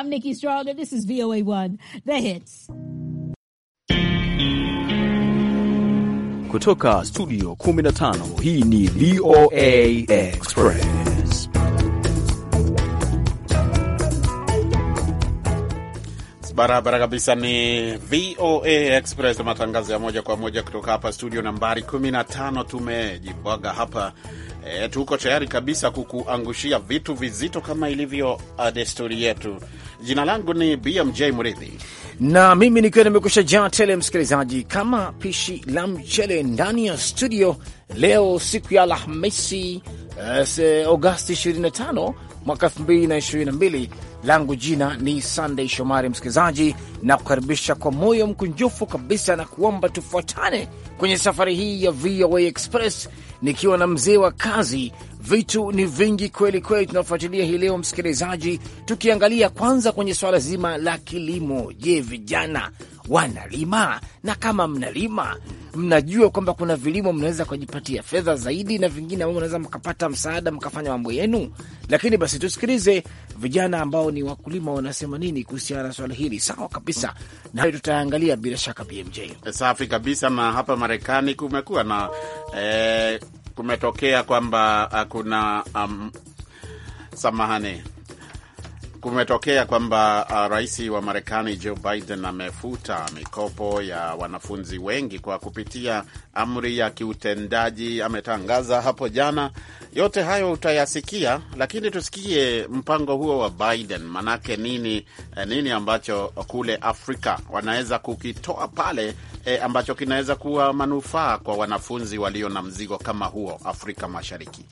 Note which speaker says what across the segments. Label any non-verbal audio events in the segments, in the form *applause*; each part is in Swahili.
Speaker 1: I'm Nikki Stroud, and this is VOA1, The Hits.
Speaker 2: Kutoka studio 15, hii ni VOA
Speaker 3: Express.
Speaker 2: Barabara kabisa, ni VOA Express, matangazo ya moja kwa moja kutoka hapa studio nambari 15. tumejibwaga hapa E, tuko tayari kabisa kukuangushia vitu vizito kama ilivyo uh, desturi yetu. Jina langu ni BMJ Mridhi
Speaker 1: na mimi nikiwa nimekusha jaa tele, msikilizaji, kama pishi la mchele ndani ya studio leo, siku ya Alhamisi eh, Agosti 25 mwaka 2022. Langu jina ni Sunday Shomari, msikilizaji na kukaribisha kwa moyo mkunjufu kabisa na kuomba tufuatane kwenye safari hii ya VOA Express nikiwa na mzee wa kazi. Vitu ni vingi kweli kweli tunafuatilia hii leo, msikilizaji, tukiangalia kwanza kwenye swala zima la kilimo. Je, vijana wanalima, na kama mnalima mnajua kwamba kuna vilimo mnaweza kujipatia fedha zaidi na vingine ambao mnaweza mkapata msaada mkafanya mambo yenu. Lakini basi tusikilize vijana ambao ni wakulima wanasema nini kuhusiana na swala hili. Sawa kabisa, hayo tutaangalia bila shaka. BMJ
Speaker 2: safi kabisa. Ma hapa Marekani kumekuwa na eh, kumetokea kwamba ah, kuna um, samahani kumetokea kwamba uh, rais wa Marekani Joe Biden amefuta mikopo ya wanafunzi wengi kwa kupitia amri ya kiutendaji ametangaza hapo jana. Yote hayo utayasikia, lakini tusikie mpango huo wa Biden manake nini? Eh, nini ambacho kule Afrika wanaweza kukitoa pale eh, ambacho kinaweza kuwa manufaa kwa wanafunzi walio na mzigo kama huo Afrika Mashariki?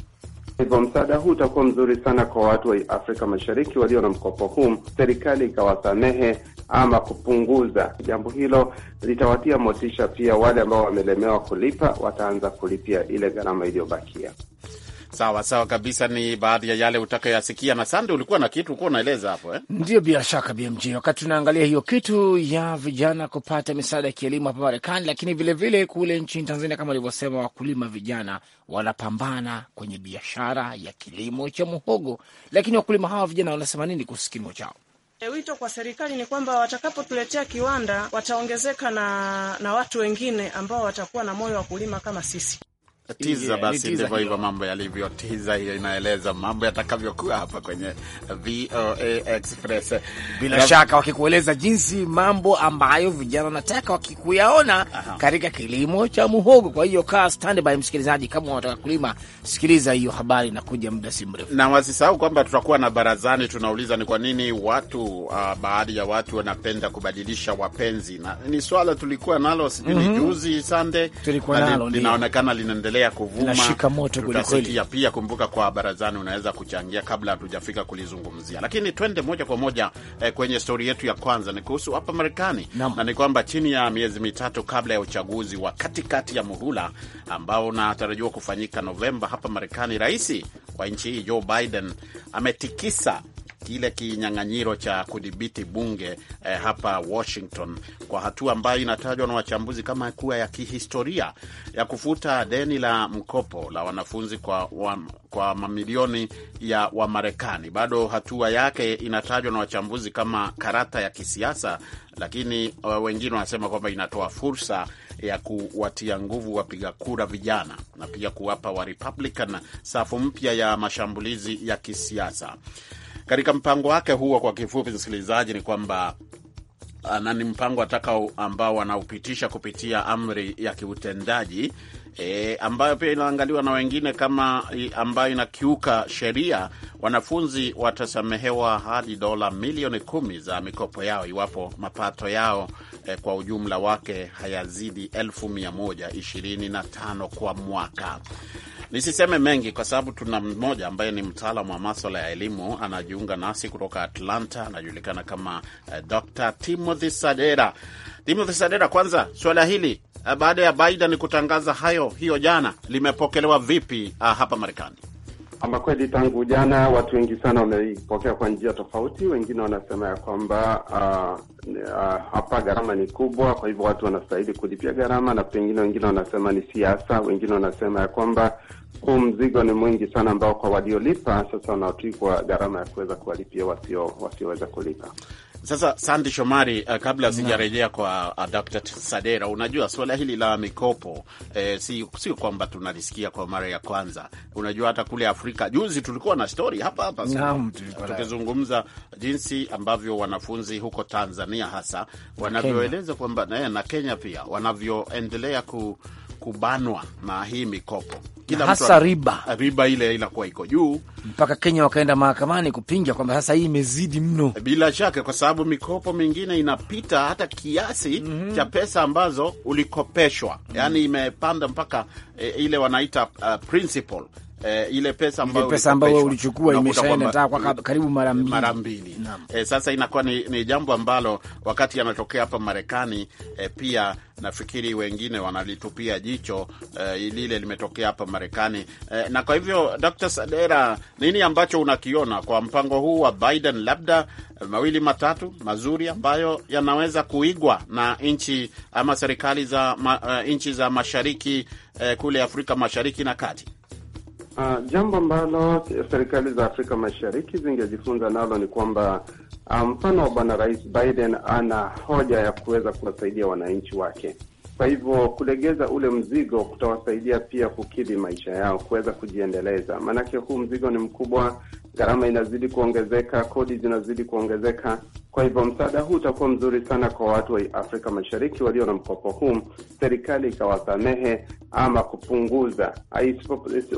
Speaker 3: Hivyo msaada huu utakuwa mzuri sana kwa watu wa Afrika Mashariki walio na mkopo huu, serikali ikawasamehe ama kupunguza. Jambo hilo litawatia motisha, pia wale ambao wamelemewa kulipa wataanza kulipia ile gharama iliyobakia.
Speaker 2: Sawa sawa kabisa, ni baadhi ya yale utakayoyasikia. Na Sande, ulikuwa na kitu ulikuwa unaeleza hapo eh?
Speaker 3: Ndio,
Speaker 1: bila shaka BMJ, wakati tunaangalia hiyo kitu ya vijana kupata misaada ya kielimu hapa Marekani, lakini vilevile vile kule nchini Tanzania, kama alivyosema wakulima vijana wanapambana kwenye biashara ya kilimo cha muhogo, lakini wakulima hawa vijana wanasema nini kuhusu kilimo chao?
Speaker 4: Eh, wito kwa serikali ni kwamba watakapotuletea kiwanda wataongezeka na, na watu wengine ambao watakuwa na moyo wa kulima kama sisi.
Speaker 2: Tiza basi, ndivyo hivyo mambo yalivyo. Tiza hiyo inaeleza mambo yatakavyokuwa hapa kwenye VOA Express. Bila shaka wakikueleza jinsi mambo ambayo vijana wanataka wakikuyaona
Speaker 1: katika kilimo cha muhogo. Kwa hiyo kaa standby, msikilizaji, kama unataka kulima, sikiliza hiyo
Speaker 2: habari na kuja muda si mrefu, na wasisahau kwamba tutakuwa na barazani. Tunauliza ni kwa nini watu uh, baadhi ya watu wanapenda kubadilisha wapenzi, na ni swala tulikuwa nalo sijui mm -hmm. juzi sande, tulikuwa nalo linaonekana linaendelea linaendelea kuvuma, tutasikia pia. Kumbuka kwa barazani, unaweza kuchangia kabla hatujafika kulizungumzia, lakini twende moja kwa moja eh, kwenye stori yetu ya kwanza ni kuhusu hapa Marekani na ni kwamba chini ya miezi mitatu kabla ya uchaguzi wa katikati ya muhula ambao unatarajiwa kufanyika Novemba hapa Marekani, rais wa nchi hii Joe Biden ametikisa kile kinyang'anyiro cha kudhibiti bunge eh, hapa Washington, kwa hatua ambayo inatajwa na wachambuzi kama kuwa ya kihistoria ya kufuta deni la mkopo la wanafunzi kwa, wa, kwa mamilioni ya Wamarekani. Bado hatua yake inatajwa na wachambuzi kama karata ya kisiasa, lakini eh, wengine wanasema kwamba inatoa fursa ya kuwatia nguvu wapiga kura vijana na pia kuwapa wa Republican safu mpya ya mashambulizi ya kisiasa katika mpango wake huo. Kwa kifupi, msikilizaji, ni kwamba ah, na ni mpango ataka ambao wanaupitisha kupitia amri ya kiutendaji e, ambayo pia inaangaliwa na wengine kama ambayo inakiuka sheria, wanafunzi watasamehewa hadi dola milioni kumi za mikopo yao iwapo mapato yao e, kwa ujumla wake hayazidi elfu mia moja ishirini na tano kwa mwaka. Nisiseme mengi kwa sababu tuna mmoja ambaye ni mtaalamu wa maswala ya elimu anajiunga nasi kutoka Atlanta, anajulikana kama eh, Dr Timothy Sadera. Timothy Sadera, kwanza suala hili eh, baada ya Biden kutangaza hayo hiyo jana limepokelewa vipi ah, hapa Marekani?
Speaker 3: Ama kweli tangu jana watu wengi sana wameipokea kwa njia tofauti. Wengine wanasema ya kwamba uh, uh, hapa gharama ni kubwa, kwa hivyo watu wanastahili kulipia gharama, na pengine wengine wanasema ni siasa, wengine wanasema ya kwamba huu mzigo ni mwingi sana ambao kwa waliolipa sasa wanaotwikwa gharama ya kuweza kuwalipia wasio wasioweza kulipa.
Speaker 2: Sasa Sandi Shomari, uh, kabla sijarejea kwa uh, Dr. Sadera, unajua suala hili la mikopo eh, si, si kwamba tunalisikia kwa mara ya kwanza. Unajua hata kule Afrika juzi tulikuwa na stori hapa hapa tukizungumza jinsi ambavyo wanafunzi huko Tanzania hasa wanavyoeleza kwamba na, eh, na Kenya pia wanavyoendelea ku kubanwa na hii mikopo kila hasa riba riba ile inakuwa iko juu,
Speaker 1: mpaka Kenya wakaenda mahakamani kupinga kwamba sasa hii imezidi mno.
Speaker 2: Bila shaka, kwa sababu mikopo mingine inapita hata kiasi mm -hmm. cha pesa ambazo ulikopeshwa, mm -hmm. imepanda mpaka e, ile wanaita uh, principal eh, ile pesa ambayo pesa ambayo ulichukua imeshaenda taa kwa
Speaker 1: karibu mara mbili mara
Speaker 2: mbili. Eh, sasa inakuwa ni, ni jambo ambalo wakati yanatokea hapa Marekani eh, pia nafikiri wengine wanalitupia jicho eh, lile limetokea hapa Marekani eh, na kwa hivyo Dr. Sadera, nini ambacho unakiona kwa mpango huu wa Biden, labda eh, mawili matatu mazuri ambayo yanaweza kuigwa na nchi ama serikali za ma, uh, nchi za mashariki uh, kule Afrika Mashariki na Kati?
Speaker 3: Uh, jambo ambalo serikali za Afrika Mashariki zingejifunza nalo ni kwamba ah, mfano um, wa bwana Rais Biden ana hoja ya kuweza kuwasaidia wananchi wake. Kwa hivyo kulegeza ule mzigo kutawasaidia pia kukidhi maisha yao, kuweza kujiendeleza, maanake huu mzigo ni mkubwa gharama inazidi kuongezeka, kodi zinazidi kuongezeka. Kwa hivyo msaada huu utakuwa mzuri sana kwa watu wa Afrika Mashariki walio na mkopo huu, serikali ikawasamehe ama kupunguza,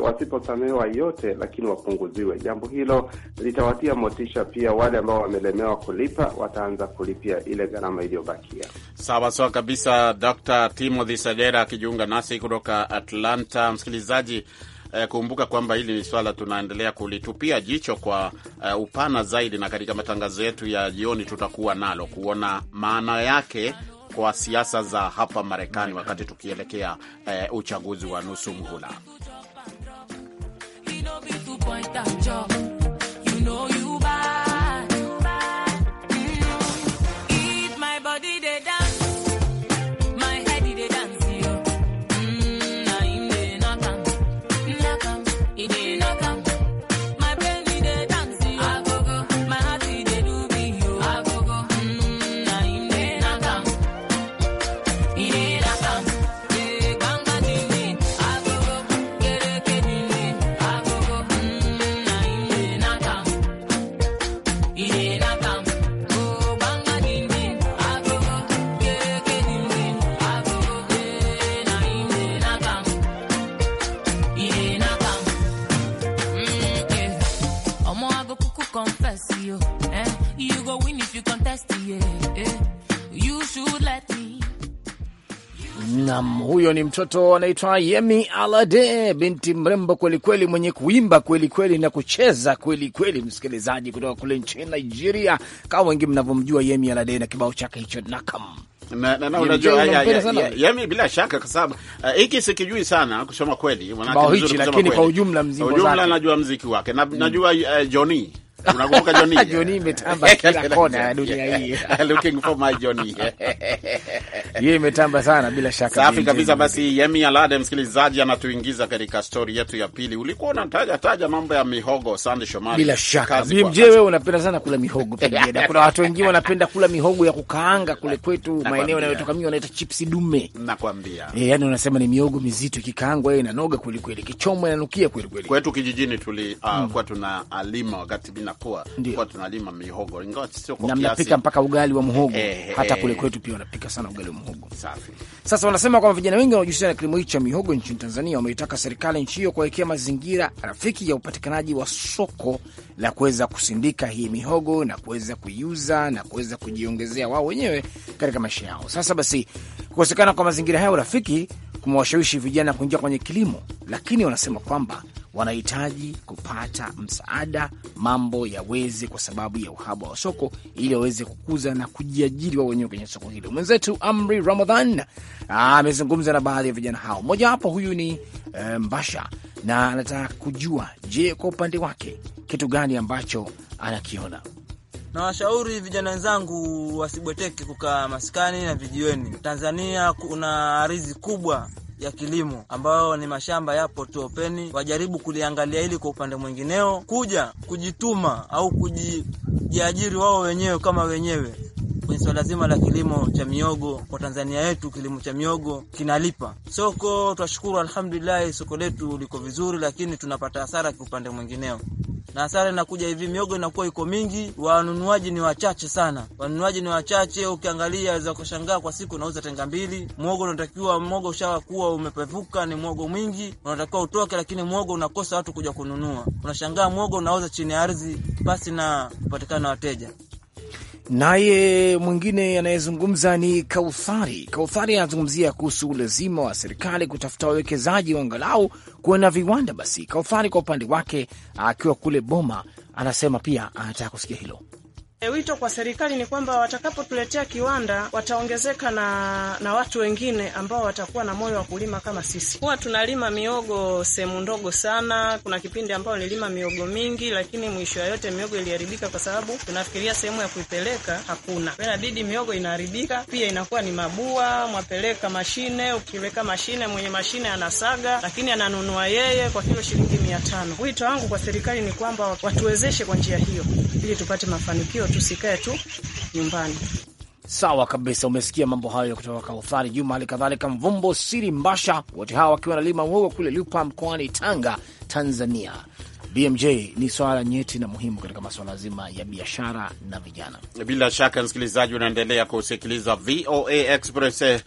Speaker 3: wasiposamehewa yote, lakini wapunguziwe. Jambo hilo litawatia motisha pia, wale ambao wamelemewa kulipa wataanza kulipia ile gharama iliyobakia.
Speaker 2: Sawa sawa kabisa. Dr Timothy Sadera akijiunga nasi kutoka Atlanta. Msikilizaji eh, kumbuka kwamba hili ni swala tunaendelea kulitupia jicho kwa eh, upana zaidi, na katika matangazo yetu ya jioni tutakuwa nalo kuona maana yake kwa siasa za hapa Marekani wakati tukielekea eh, uchaguzi wa nusu mhula.
Speaker 1: huyo ni mtoto anaitwa Yemi Alade, binti mrembo kweli kweli, mwenye kuimba kweli kweli na kucheza kweli kweli, msikilizaji kutoka kule nchini Nigeria, kama wengi mnavyomjua Yemi Alade na kibao chake hicho Nakam
Speaker 2: na, na, na unajua Yemi bila shaka, kwa sababu eh, hiki uh, sikijui sana kusema kweli, lakini kwa ujumla mziki ujumla najua mziki wake na, mm. najua uh, Johnny Unakumbuka Johnny? *laughs* Johnny imetamba kila *laughs* kona ya dunia hii. *laughs* Looking for my Johnny hiyo *laughs* imetamba sana bila shaka. Safi kabisa. Basi Yemi Alade, msikilizaji, anatuingiza katika stori yetu ya pili. Ulikuwa unataja taja mambo ya mihogo, Sande Shomari. Bila shaka BMJ, wewe
Speaker 1: unapenda sana kula mihogo pengine kuna watu wengine wanapenda kula mihogo ya kukaanga kule kwetu maeneo yanayotoka mimi wanaita chipsi dume, nakwambia eh, yani unasema ni mihogo mizito, ikikaangwa yeye inanoga kweli kweli, kichomwa inanukia kweli kweli.
Speaker 2: Kwetu kijijini tuli uh, mm. kwa tunalima wakati bila kwa kwa alima mihogo, ingawa sio kwa kiasi, na mnapika
Speaker 1: mpaka ugali wa mhogo eh, hata eh. kule kwetu pia wanapika sana ugali wa mhogo safi. Sasa wanasema kwamba vijana wengi wanaojihusisha na kilimo hichi cha mihogo nchini Tanzania wameitaka serikali nchi hiyo kuwekea mazingira rafiki ya upatikanaji wa soko la kuweza kusindika hii mihogo na kuweza kuiuza na kuweza kujiongezea wao wenyewe katika maisha yao. Sasa basi, kukosekana kwa mazingira hayo rafiki kumewashawishi vijana kuingia kwenye kilimo, lakini wanasema kwamba wanahitaji kupata msaada, mambo yaweze, kwa sababu ya uhaba wa soko, ili waweze kukuza na kujiajiri wao wenyewe kwenye soko hilo. Mwenzetu Amri Ramadhan amezungumza na baadhi ya vijana hao, mmojawapo huyu ni e, Mbasha, na anataka kujua, je, kwa upande wake kitu gani ambacho anakiona
Speaker 4: nawashauri vijana wenzangu wasibweteke kukaa maskani na vijiweni. Tanzania kuna ardhi kubwa ya kilimo ambayo ni mashamba yapo tu openi, wajaribu kuliangalia hili kwa upande mwingineo, kuja kujituma au kujiajiri wao wenyewe kama wenyewe ni swala zima la kilimo cha miogo kwa Tanzania yetu, kilimo cha miogo kinalipa. Soko twashukuru, alhamdulillah, soko letu liko vizuri, lakini tunapata hasara kiupande mwingineo na hasara inakuja hivi, miogo inakuwa iko mingi, wanunuaji ni wachache sana, wanunuaji ni wachache. Ukiangalia za kushangaa, kwa siku unauza tenga mbili mwogo, unatakiwa mwogo ushakuwa umepevuka, ni mwogo mwingi, unatakiwa utoke, lakini mwogo unakosa watu kuja kununua. Unashangaa mwogo unauza chini ya ardhi, basi na kupatikana wateja.
Speaker 1: Naye mwingine anayezungumza ni Kauthari. Kauthari anazungumzia kuhusu ulazima wa serikali kutafuta wawekezaji wa angalau kuwe na viwanda. Basi Kauthari kwa upande wake akiwa kule Boma anasema pia anataka kusikia hilo.
Speaker 4: E, wito kwa serikali ni kwamba watakapotuletea kiwanda wataongezeka na, na watu wengine ambao watakuwa na moyo wa kulima kama sisi. Huwa tunalima miogo sehemu ndogo sana. Kuna kipindi ambayo nililima miogo mingi, lakini mwisho yote miogo iliharibika kwa sababu tunafikiria sehemu ya kuipeleka hakuna. Inabidi miogo inaharibika, pia inakuwa ni mabua, mwapeleka mashine. Ukiweka mashine, mwenye mashine anasaga, lakini ananunua yeye kwa kilo shilingi mia tano. Wito wangu kwa serikali ni kwamba watuwezeshe kwa njia hiyo ili tupate mafanikio tunatakiwa tusikae tu
Speaker 1: nyumbani. Sawa kabisa, umesikia mambo hayo kutoka Kauthari Juma, hali kadhalika Mvumbo Siri Mbasha, wote hawa wakiwa na lima woga kule Lupa mkoani Tanga, Tanzania. BMJ ni swala nyeti na muhimu katika maswala zima ya biashara na vijana.
Speaker 2: Bila shaka, msikilizaji, unaendelea kusikiliza VOA Express eh,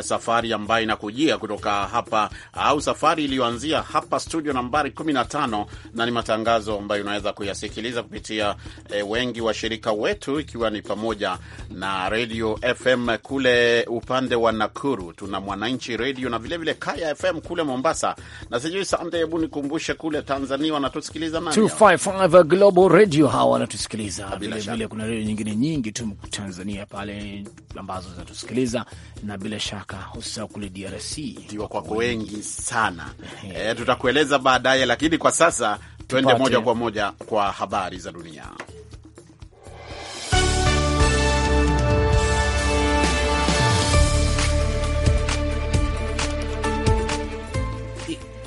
Speaker 2: safari ambayo inakujia kutoka hapa au safari iliyoanzia hapa studio nambari 15, na ni matangazo ambayo unaweza kuyasikiliza kupitia eh, wengi wa shirika wetu, ikiwa ni pamoja na Radio FM kule upande wa Nakuru, tuna Mwananchi Radio na vilevile vile Kaya FM kule Mombasa, na sijui Sande, hebu nikumbushe kule Tanzania wanatusikia kutusikiliza
Speaker 1: 255 Global Radio, hawa wanatusikiliza vile vile. Kuna redio nyingine nyingi tu Tanzania pale ambazo zinatusikiliza, na bila shaka usisahau kule DRC
Speaker 2: ndio kwako wengi sana. E, tutakueleza baadaye, lakini kwa sasa tuende moja kwa moja kwa habari za dunia.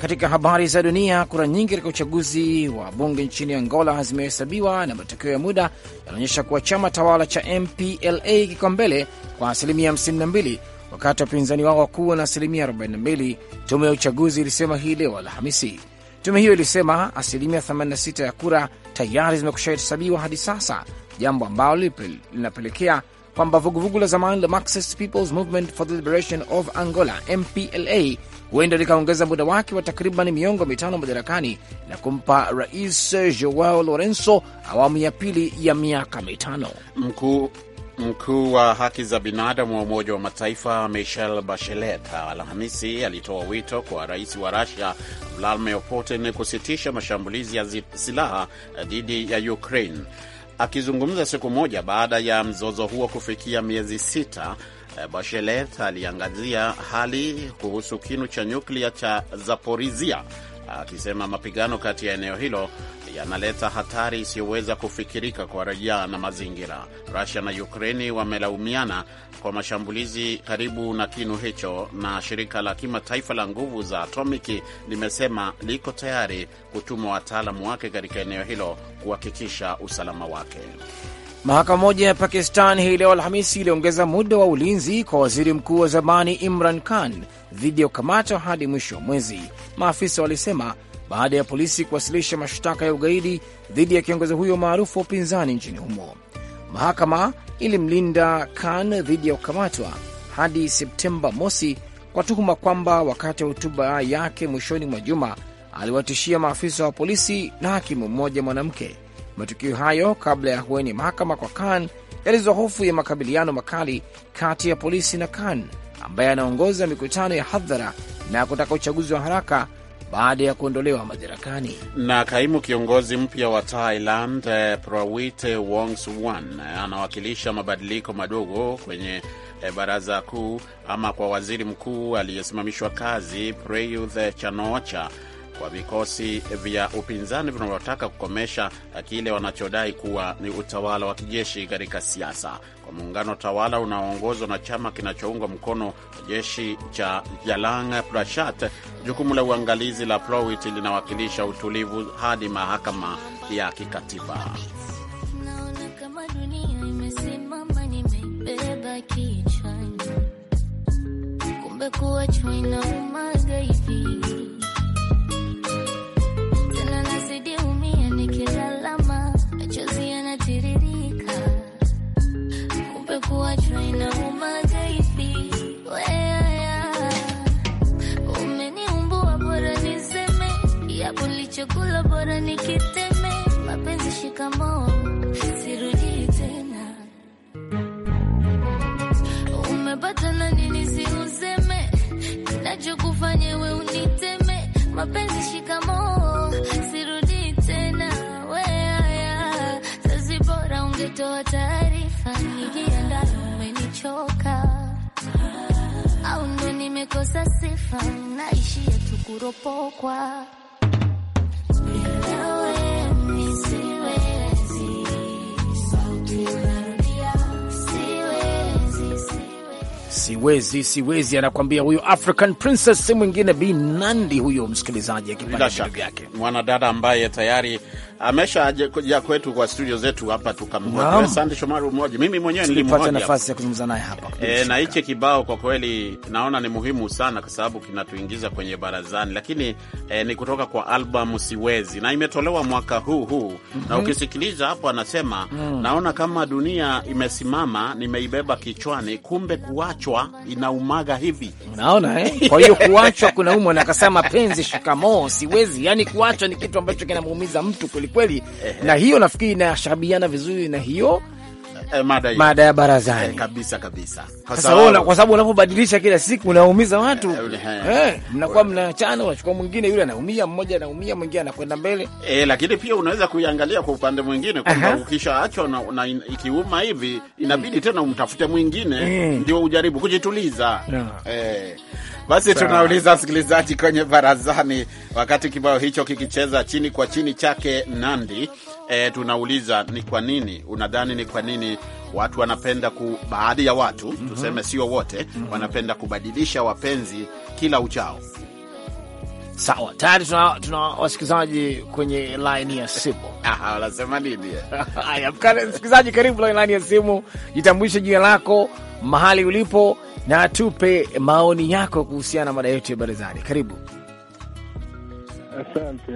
Speaker 1: Katika habari za dunia, kura nyingi katika uchaguzi wa bunge nchini Angola zimehesabiwa na matokeo ya muda yanaonyesha kuwa chama tawala cha MPLA kiko mbele kwa asilimia 52 wakati wapinzani wao wakuu na asilimia 42, tume ya uchaguzi ilisema hii leo Alhamisi. Tume hiyo ilisema asilimia 86 ya kura tayari zimekusha hesabiwa hadi sasa, jambo ambalo linapelekea kwamba vuguvugu la zamani la Marxist People's Movement for the Liberation of Angola MPLA huenda likaongeza muda wake wa takriban miongo mitano madarakani na kumpa Rais Joao Lorenzo awamu ya pili ya miaka mitano.
Speaker 2: Mkuu mkuu wa haki za binadamu wa Umoja wa Mataifa Michel Bachelet Alhamisi alitoa wito kwa rais wa Rusia Vladimir Putin kusitisha mashambulizi ya silaha dhidi ya Ukraine. Akizungumza siku moja baada ya mzozo huo kufikia miezi sita Eh, Bachelet aliangazia hali kuhusu kinu cha nyuklia cha Zaporizia akisema mapigano kati ya eneo hilo yanaleta hatari isiyoweza kufikirika kwa raia na mazingira. Rusia na Ukraini wamelaumiana kwa mashambulizi karibu na kinu hicho, na shirika la kimataifa la nguvu za atomiki limesema liko tayari kutuma wataalamu wake katika eneo hilo kuhakikisha usalama wake.
Speaker 1: Mahakama moja ya Pakistan hii leo Alhamisi iliongeza muda wa ulinzi kwa waziri mkuu wa zamani Imran Khan dhidi ya kukamatwa hadi mwisho wa mwezi, maafisa walisema baada ya polisi kuwasilisha mashtaka ya ugaidi dhidi ya kiongozi huyo maarufu wa upinzani nchini humo. Mahakama ilimlinda Khan dhidi ya kukamatwa hadi Septemba mosi kwa tuhuma kwamba wakati wa hotuba yake mwishoni mwa juma aliwatishia maafisa wa polisi na hakimu mmoja mwanamke Matukio hayo kabla ya hueni mahakama kwa Khan yalizua hofu ya makabiliano makali kati ya polisi na Khan ambaye anaongoza mikutano ya hadhara na kutaka uchaguzi wa haraka baada ya kuondolewa madarakani.
Speaker 2: Na kaimu kiongozi mpya wa Thailand eh, Prawit Wongsuwan eh, anawakilisha mabadiliko madogo kwenye eh, baraza kuu ama kwa waziri mkuu aliyesimamishwa kazi Prayuth Chanocha kwa vikosi vya upinzani vinavyotaka kukomesha kile wanachodai kuwa ni utawala wa kijeshi katika siasa kwa muungano tawala unaoongozwa na chama kinachoungwa mkono jeshi cha Jalang Prashat. Jukumu la uangalizi la Prowit linawakilisha utulivu hadi mahakama ya kikatiba.
Speaker 1: chakula bora nikiteme, mapenzi shikamoo, sirudi tena. Umepata na nini siuseme, nachokufanya we uniteme, mapenzi shikamoo, sirudi tena. Weaya zazi bora ungetoa taarifa,
Speaker 4: nijienda umenichoka au ndo nimekosa sifa, naishia tukuropokwa kuropokwa.
Speaker 1: siwezi siwezi, anakuambia huyo African Princess, si mwingine Bi Nandi huyo, msikilizaji akipata vitu
Speaker 2: vyake, mwanadada ambaye tayari amesha ameshaja kwetu kwa studio zetu hapa, tukamhoji Shomari mmoja, mimi mwenyewe nilimhoji, nafasi ya kuzungumza naye hapa e, na hichi kibao kwa kweli naona ni muhimu sana, kwa sababu kinatuingiza kwenye barazani, lakini e, ni kutoka kwa albamu Siwezi na imetolewa mwaka huu huu mm -hmm. na ukisikiliza hapo anasema mm. naona kama dunia imesimama, nimeibeba kichwani, kumbe kuachwa inaumaga hivi, unaona eh? kwa hiyo kuachwa kunaumwa, na akasema penzi shikamoo siwezi, yani kuachwa ni kitu ambacho kinamuumiza
Speaker 1: mtu kweli kweli Na hiyo nafikiri inashabiana vizuri na hiyo E, mada, ya barazani eh, kabisa kabisa, kwa sababu unapobadilisha kila siku unaumiza watu e, e, mnakuwa mnaachana, unachukua mwingine, yule anaumia, mmoja anaumia, mwingine anakwenda mbele
Speaker 2: e, lakini pia unaweza kuiangalia kwa upande mwingine kwamba ukishaachwa na, na ikiuma hivi mm. inabidi mm. tena umtafute mwingine mm. ndio ujaribu kujituliza e. Basi tunauliza msikilizaji kwenye barazani, wakati kibao hicho kikicheza chini kwa chini chake Nandi. E, tunauliza ni kwa nini unadhani, ni kwa nini watu wanapenda ku, baadhi ya watu mm -hmm. tuseme sio wote mm -hmm. wanapenda kubadilisha wapenzi kila uchao. Sawa, tayari tuna, tuna wasikilizaji
Speaker 1: kwenye laini ya simu. *laughs* Wanasema nini? Haya, msikilizaji, karibu laini ya simu, jitambulishe jina lako, mahali ulipo na tupe maoni yako kuhusiana na mada yetu ya barazani. Karibu.
Speaker 4: Asante.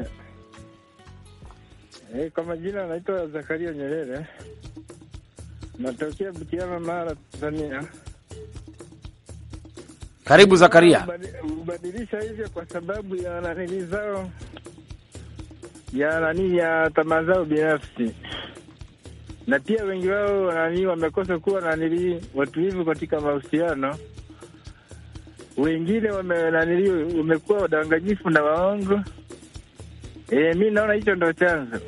Speaker 4: E, kwa majina anaitwa Zakaria Nyerere, natokea Butiama, Mara, Tanzania.
Speaker 1: Karibu Zakaria.
Speaker 4: Hubadilisha hivyo kwa sababu ya nanili zao ya nani ya tamaa zao binafsi na pia wengi wao nani wamekosa kuwa nanili watulivu katika mahusiano, wengine wame nanili umekuwa wadanganyifu na waongo. E, mi naona hicho ndo chanzo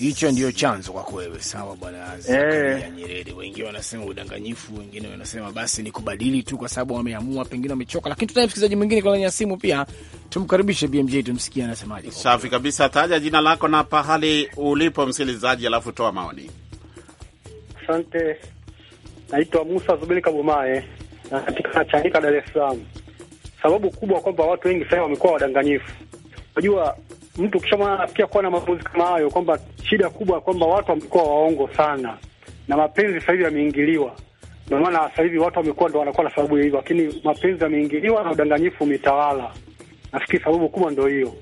Speaker 1: hicho ndio chanzo kwako wewe. Sawa bwana
Speaker 4: Zakaria
Speaker 1: eh. Nyerere. wengine wanasema udanganyifu, wengine wanasema basi ni kubadili tu, kwa sababu wameamua, pengine wamechoka. Lakini tunaye msikilizaji mwingine kwa ya simu pia, tumkaribishe BMJ tumsikie anasemaje.
Speaker 2: Safi kabisa, taja jina lako na pahali ulipo msikilizaji, alafu toa maoni.
Speaker 4: Asante, naitwa Musa Zubeli Kabomae katika Chanika, Dar es Salaam. Sababu kubwa kwamba watu wengi sasa wamekuwa wadanganyifu, unajua mtu ukishaona anafikia kuwa na maamuzi kama hayo, kwamba shida kubwa kwamba watu wamekuwa waongo sana na mapenzi sasa hivi yameingiliwa. Ndio maana sasa hivi watu wamekuwa ndo wanakuwa na sababu hiyo, lakini mapenzi yameingiliwa na udanganyifu umetawala. Nafikiri sababu kubwa ndo hiyo.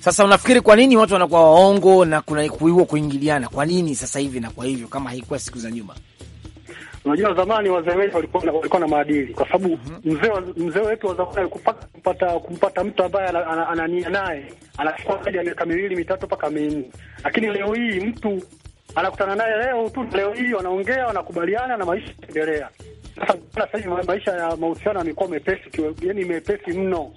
Speaker 1: Sasa unafikiri kwa nini watu wanakuwa waongo na kuna kuiwa kuingiliana? Kwa nini sasa hivi na kwa hivyo kama haikuwa siku za nyuma?
Speaker 4: Unajua zamani wazee wetu walikuwa walikuwa na maadili, kwa sababu mhm. mzee mzee wetu wa zamani alikuwa kumpata kumpata mtu ambaye anania naye anachukua zaidi ya miaka miwili mitatu mpaka minne, lakini leo hii mtu anakutana naye leo tu, leo hii wanaongea, wanakubaliana na maisha endelea. Sasa sasa maisha ya mahusiano yamekuwa mepesi,
Speaker 3: yaani mepesi mno.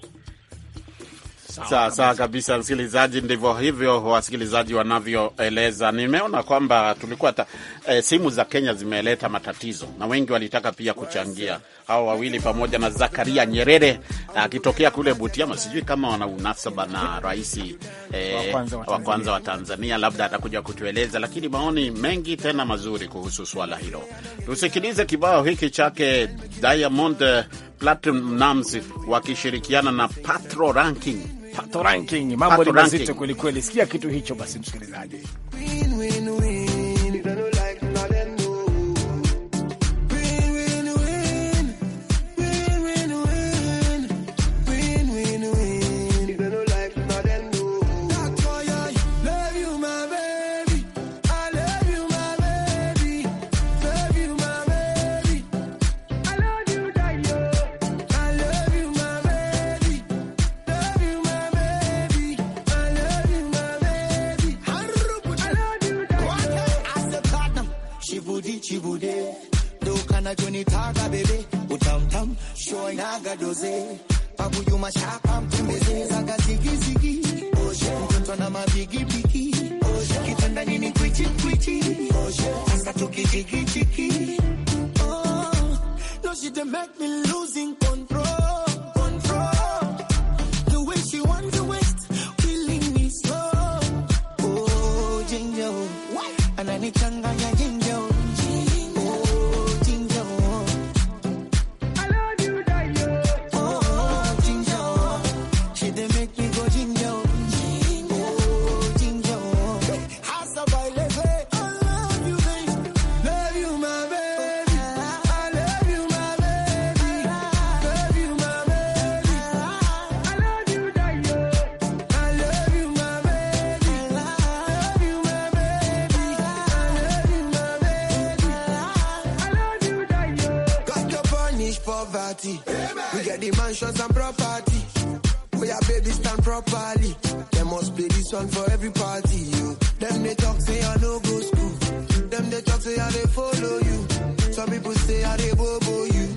Speaker 2: Sawa sawa kabisa, msikilizaji. Ndivyo hivyo wasikilizaji wanavyoeleza. Nimeona kwamba tulikuwa ta, e, simu za Kenya zimeleta matatizo na wengi walitaka pia kuchangia, hao wawili pamoja na Zakaria Nyerere akitokea kule Butiama. Sijui kama wana unasaba na rais e, wa kwanza wa Tanzania, labda atakuja kutueleza, lakini maoni mengi tena mazuri kuhusu swala hilo. Tusikilize kibao hiki chake Diamond Platinumz wakishirikiana na Patro Ranking. ranking, mambo ni mazito
Speaker 1: kwelikweli. Sikia kitu hicho basi, msikilizaji.
Speaker 4: kama bigibigi, kitanda nini kwichi kwichi, sasa tukichiki chiki, oh, no she make me losing We get the mansions and property. We are baby stand properly. They must play this one for every party. You. Them they talk say I no go school. Them they talk say I they follow you. Some people say I they bobo you,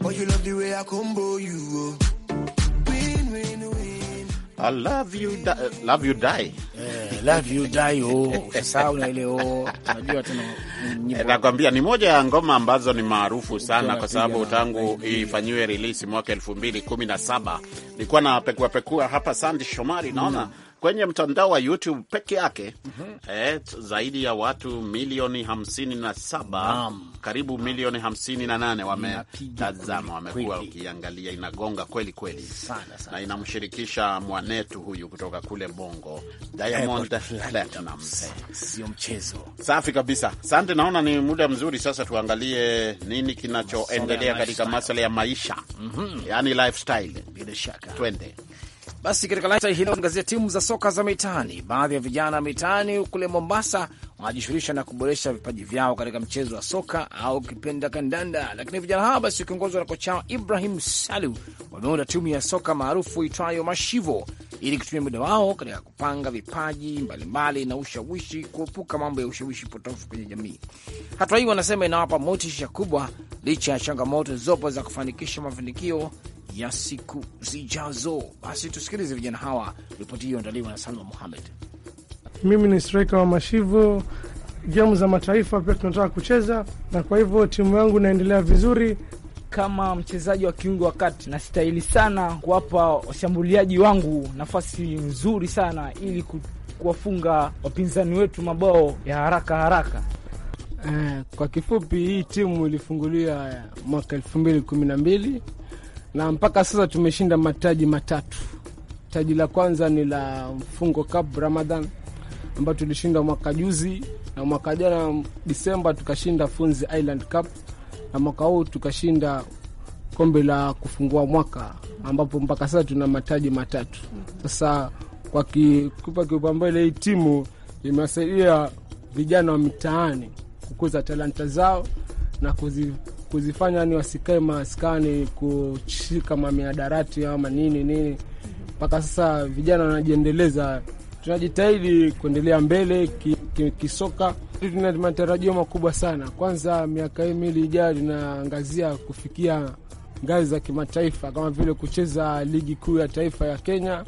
Speaker 4: but you love the way I combo you. Oh. Win
Speaker 2: win win. love you die. Eh, love you die oh. ile oh. Unajua tena eh, nakwambia ni moja ya ngoma ambazo ni maarufu sana kwa sababu tangu ifanyiwe release mwaka 2017 nilikuwa na pekua pekua hapa Sandy Shomari naona mm kwenye mtandao wa YouTube peke yake mm -hmm. eh, zaidi ya watu milioni hamsini na saba karibu milioni hamsini na nane wametazama, wamekuwa ukiangalia, inagonga kweli kweli sana, sana, na inamshirikisha mwanetu huyu kutoka kule Bongo, Diamond Platnumz, sio mchezo. Safi kabisa, asante. Naona ni muda mzuri sasa tuangalie nini kinachoendelea katika masala ya maisha mm -hmm. yani lifestyle, bila shaka twende
Speaker 1: basi katika tunaangazia timu za soka za mitaani. Baadhi ya vijana mitaani kule Mombasa wanajishughulisha na kuboresha vipaji vyao katika mchezo wa soka au kipenda kandanda, lakini vijana hawa basi wakiongozwa na kocha Ibrahim Salu wameunda timu ya soka maarufu itwayo Mashivo ili kutumia muda wao katika kupanga vipaji mbalimbali na ushawishi, kuepuka mambo ya ushawishi potofu kwenye jamii. Hatua hii wanasema inawapa motisha kubwa licha ya changamoto zopo za kufanikisha mafanikio ya siku zijazo. Basi tusikilize vijana hawa. Ripoti hiyo andaliwa na Salma Muhamed.
Speaker 4: Mimi ni straika wa Mashivu. Gemu za mataifa pia tunataka kucheza, na kwa hivyo timu yangu inaendelea vizuri. Kama mchezaji wa kiungo wa kati, nastahili sana kuwapa washambuliaji wangu nafasi nzuri sana, ili kuwafunga wapinzani wetu mabao ya haraka haraka. Eh, kwa kifupi, hii timu ilifunguliwa mwaka elfu mbili kumi na mbili na mpaka sasa tumeshinda mataji matatu. Taji la kwanza ni la Mfungo Cup ramadhan ambayo tulishinda mwaka juzi, na mwaka jana Disemba tukashinda Funzi Island Cup, na mwaka huu tukashinda kombe la kufungua mwaka ambapo mpaka sasa tuna mataji matatu. Sasa kwa kikupa kipaumbele hii timu imewasaidia vijana wa mitaani kukuza talanta zao na kuzi kuzifanya ni wasikae maskani kushika mamiadarati ama nini nini. Mpaka sasa vijana wanajiendeleza, tunajitahidi kuendelea mbele kisoka ki, ki tuna matarajio makubwa sana. Kwanza miaka hii miwili ijayo tunaangazia kufikia ngazi za kimataifa kama vile kucheza ligi kuu ya taifa ya Kenya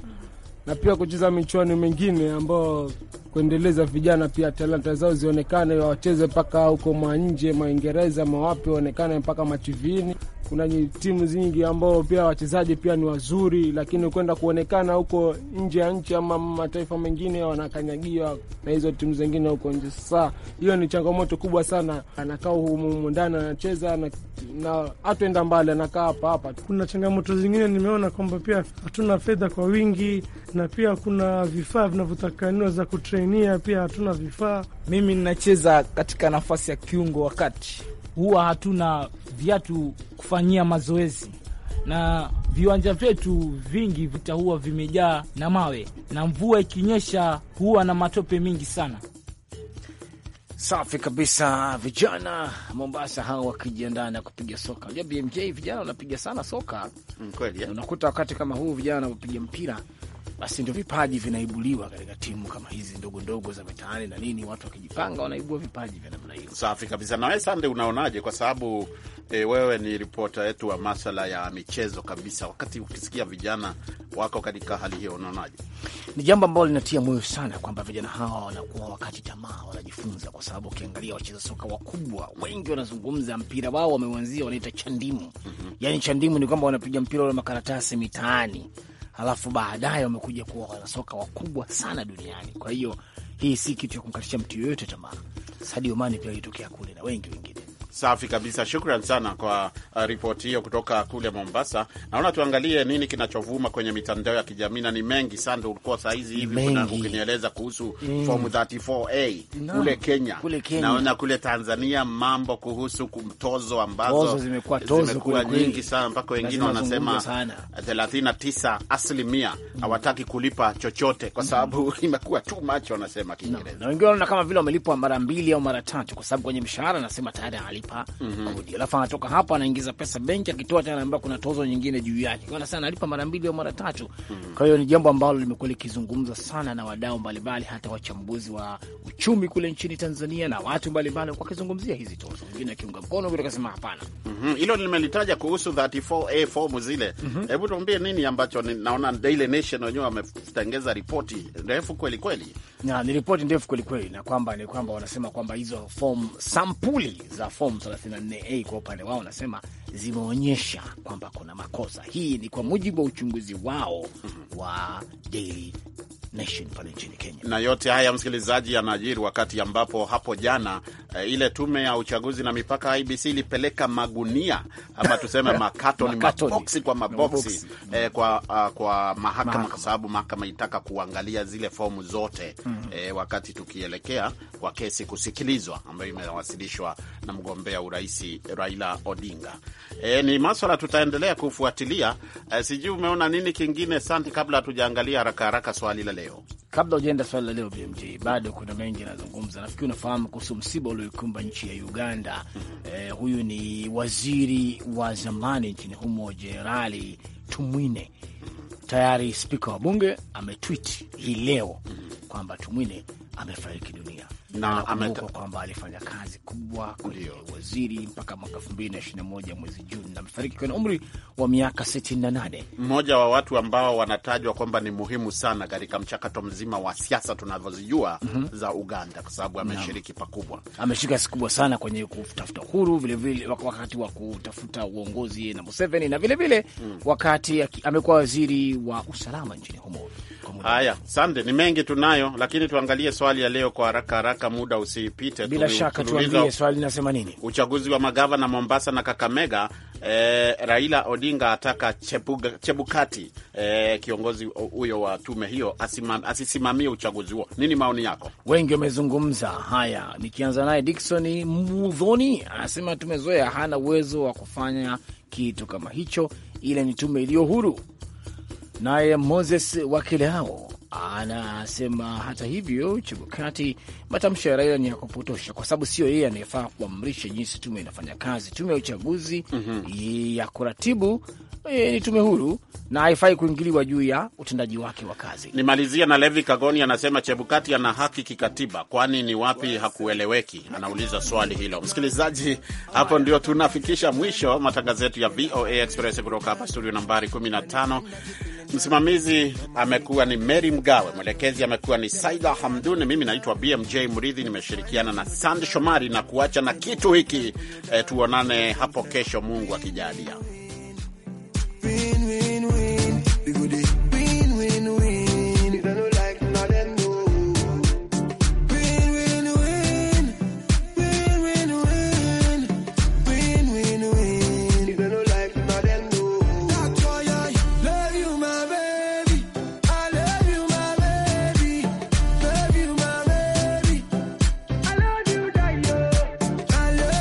Speaker 4: na pia kucheza michuano mingine ambayo kuendeleza vijana pia talanta zao zionekane, wacheze mpaka huko mwa nje, Maingereza mawapi, waonekane mpaka machivini kuna timu zingi ambao pia wachezaji pia ni wazuri, lakini kwenda kuonekana huko nje ya nchi ama mataifa mengine wanakanyagiwa na hizo timu zingine huko nje. Sasa hiyo ni changamoto kubwa sana, anakaa humu ndani anacheza na, na hatuenda mbali, anakaa hapa hapa. Kuna changamoto zingine nimeona kwamba pia hatuna fedha kwa wingi, na pia kuna vifaa vinavyotakaniwa za kutrainia, pia hatuna vifaa. Mimi ninacheza katika nafasi ya kiungo wakati huwa hatuna viatu kufanyia mazoezi na viwanja vyetu vingi vitahuwa vimejaa na mawe na mvua ikinyesha huwa na matope mingi sana.
Speaker 1: Safi kabisa, vijana Mombasa hawa wakijiandaa na kupiga soka. Unajua BMJ, vijana wanapiga sana soka mm, kweli, eh? unakuta wakati kama huu vijana wanapiga mpira basi ndio vipaji vinaibuliwa katika timu kama hizi ndogo ndogo za mitaani na nini, watu wakijipanga wanaibua vipaji vya
Speaker 2: namna hiyo. Safi kabisa. Nawe Sande, unaonaje? Kwa sababu e, wewe ni ripota yetu wa masala ya michezo kabisa, wakati ukisikia vijana wako katika hali hiyo, unaonaje?
Speaker 1: Ni jambo ambalo linatia moyo sana kwamba vijana hawa wanakuwa wakati tamaa wanajifunza, kwa sababu ukiangalia wacheza soka wakubwa wengi wanazungumza mpira wao wameuanzia, wanaita chandimu. mm -hmm. Yani chandimu ni kwamba wanapiga mpira ule makaratasi mitaani alafu baadaye wamekuja kuwa wanasoka wakubwa sana duniani. Kwa hiyo hii si kitu ya kumkatisha mtu yoyote tamaa. Sadio Mane pia alitokea kule na wengi wengine.
Speaker 2: Safi kabisa, shukran sana kwa uh, ripoti hiyo kutoka kule Mombasa. Naona tuangalie nini kinachovuma kwenye mitandao ya kijamii, na ni mengi sana. Ulikuwa sahizi hivi ukinieleza kuhusu mm. form 34A no. kule Kenya, kule Kenya. Naona kule Tanzania mambo kuhusu mtozo ambazo zimekuwa nyingi sana mpaka wengine wanasema 39 asilimia mm. hawataki mm. kulipa chochote kwa mm. sababu mm. *laughs* imekuwa too much, wanasema Kiingereza no.
Speaker 1: na wengine wanaona kama vile wamelipwa mara mbili au mara tatu, kwa sababu kwenye mshahara anasema tayari hapa mm-hmm. alafu anatoka hapa anaingiza pesa benki, akitoa tena anaambia kuna tozo nyingine juu yake, kwa sasa analipa mara mbili au mara tatu mm-hmm. Kwa hiyo ni jambo ambalo limekuwa likizungumza sana na wadau mbalimbali, hata wachambuzi wa uchumi kule nchini Tanzania na watu mbalimbali wakizungumzia hizi tozo, wengine
Speaker 2: akiunga mkono, wengine akasema hapana. Mhm. Hilo mm-hmm. nimelitaja kuhusu 34A fomu zile. Hebu mm-hmm. tuambie nini ambacho ni, naona Daily Nation wenyewe wametengeza ripoti ndefu kweli kweli,
Speaker 1: na ni ripoti ndefu kweli kweli, na kwamba ni kwamba wanasema kwamba hizo form sampuli za form 34A kwa upande wao wanasema zimeonyesha kwamba kuna makosa. Hii ni kwa mujibu wa uchunguzi wao wa Daily Nation pale nchini Kenya.
Speaker 2: Na yote haya msikilizaji, yanajiri wakati ambapo hapo jana uh, ile tume ya uchaguzi na mipaka IBC ilipeleka magunia ama tuseme *laughs* makatoni, maboksi kwa maboksi mm. eh, kwa, uh, kwa mahakama kwa sababu mahakama itaka kuangalia zile fomu zote mm -hmm. eh, wakati tukielekea kwa kesi kusikilizwa ambayo imewasilishwa na mgombea uraisi Raila Odinga. Eh, ni maswala tutaendelea kufuatilia. Eh, sijui umeona nini kingine, Santi, kabla hatujaangalia haraka haraka swali la leo
Speaker 1: Kabla ujaenda swali la leo BMJ, bado kuna mengi yanazungumza. Nafikiri unafahamu kuhusu msiba ulioikumba nchi ya Uganda. Eh, huyu ni waziri wa zamani nchini humo Jenerali Tumwine. Tayari spika wa bunge ametwit hii leo kwamba Tumwine amefariki dunia na amekumbuka kwamba alifanya kazi kubwa kwenye waziri mpaka mwaka 221 mwezi Juni, na amefariki kwenye umri wa miaka 68.
Speaker 2: Mmoja wa watu ambao wanatajwa kwamba ni muhimu sana katika mchakato mzima wa siasa tunavyozijua mm -hmm. za Uganda kwa sababu ameshiriki pakubwa,
Speaker 1: ameshika siku kubwa sana kwenye kutafuta uhuru, vilevile wakati wa kutafuta uongozi na Museveni na vilevile vile, mm. wakati amekuwa waziri wa usalama nchini humo
Speaker 2: kwa muda. Haya, sande, ni mengi tunayo, lakini tuangalie swali ya leo kwa haraka haraka, muda usipite. Bila shaka tuambie
Speaker 1: swali linasema nini?
Speaker 2: Uchaguzi wa magavana Mombasa na Kakamega. Eh, Raila Odinga ataka Chebuga, Chebukati eh, kiongozi huyo wa tume hiyo asisimamie uchaguzi huo. Nini maoni yako?
Speaker 1: Wengi wamezungumza haya, nikianza naye Dickson Mudhoni anasema tumezoea, hana uwezo wa kufanya kitu kama hicho, ile ni tume iliyo huru Naye Moses Wakilao anasema hata hivyo, Chebukati, matamsho ya Raila ni ya kupotosha, kwa sababu sio yeye anayefaa kuamrisha jinsi tume inafanya kazi. Tume ya uchaguzi mm -hmm. ya kuratibu e, ni tume huru na haifai kuingiliwa juu ya utendaji wake wa kazi.
Speaker 2: Nimalizia na Levi Kagoni anasema Chebukati ana haki kikatiba, kwani ni wapi hakueleweki? Anauliza swali hilo. Msikilizaji, hapo ndio tunafikisha mwisho matangazo yetu ya VOA Express kutoka hapa studio nambari 15. Msimamizi amekuwa ni Mary Mgawe, mwelekezi amekuwa ni Saida Hamduni, mimi naitwa BMJ Mridhi, nimeshirikiana na Sande Shomari na kuacha na kitu hiki. E, tuonane hapo kesho, Mungu akijalia.